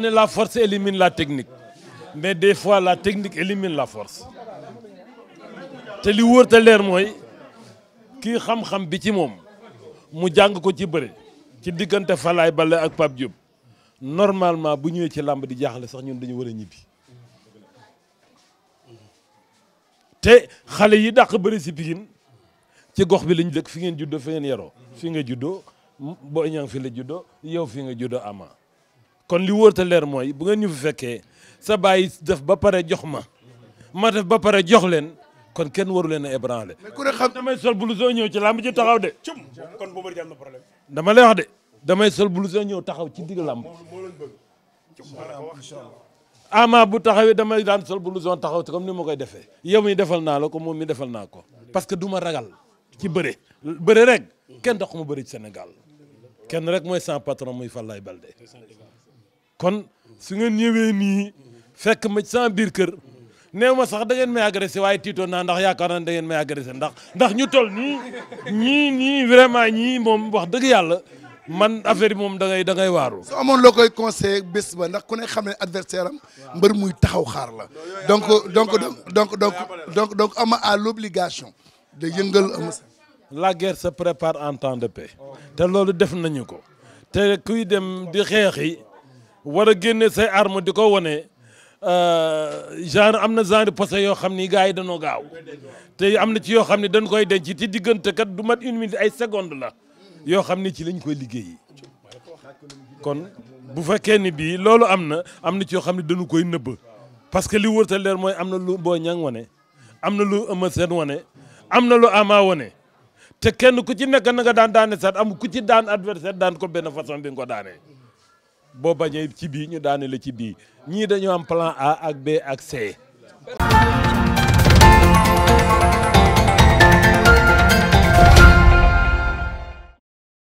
la force élimine la technique mais des fois la technique élimine la force te li qui leer mooy kii xam-xam bi ci moom mu jàng ko ci qui ci diggante ak pap normalement bu ci di sax ñun dañu yi si ci gox bi dëkk fi ngeen fi ngeen fi boo Boy Niang fi la juddoo yow fi nga juddoo ama kon li wóor leer mooy bu ngeen ñu fi fekkee sa baay def ba pare jox ma ma def ba pare jox leen kon kenn waru leen a ébranlé. mais ku ne xam damay sol blouson ñëw ci làmb ji taxaw de. kon boobu am na problème. dama lay wax de damay sol blouson ñëw taxaw ci digg làmb. ama bu taxawee damay daan sol blouson taxaw comme ni ma koy defee. yow mi defal naa la ko moom mi defal naa ko. parce que du ma ragal. ci bëre bëre rek kenn dox ma bëre ci Sénégal. kenn rek mooy sans patron muy Falaye Balde kon su ngeen ñëwee nii fekk ma sans biir kër néew ma sax da ngeen may agressé waaye tiitoon naa ndax yaakaar naa da ngeen may agressé ndax ndax ñu toll nii ñii ñii vraiment ñii moom wax dëgg yàlla man affaire yi moom da ngay da ngay waaru. soo amoon loo koy conseillé bés ba ndax ku ne xam ne adversaire am mbër muy taxaw xaar la donc donc donc donc donc donc ama à l'obligation de yëngal am la guerre se prépare en temps de paix te loolu def nañu ko te kuy dem di xeex war a génne say arme di ko wane euh, genre am na genre posé yoo xam ni gars yi dañoo gaaw te am na ci yoo xam ne dañ koy denc ci diggante kat du mat une minute ay seconde la yoo xam ni ci lañ koy liggéey kon bu fekkee ni bii loolu am na am na ci yoo xam ne dañu koy nëbb parce que li wërta leer mooy am na lu boo ñang wone am na lu ëma seen wane am na lu ama wane te kenn ku ci nekk na nga daan daane sax am ku ci daan adversaire daan ko benn façon bi nga ko daanee boo bañee ci bii ñu daane la ci bii ñii dañu am plan A ak B ak C.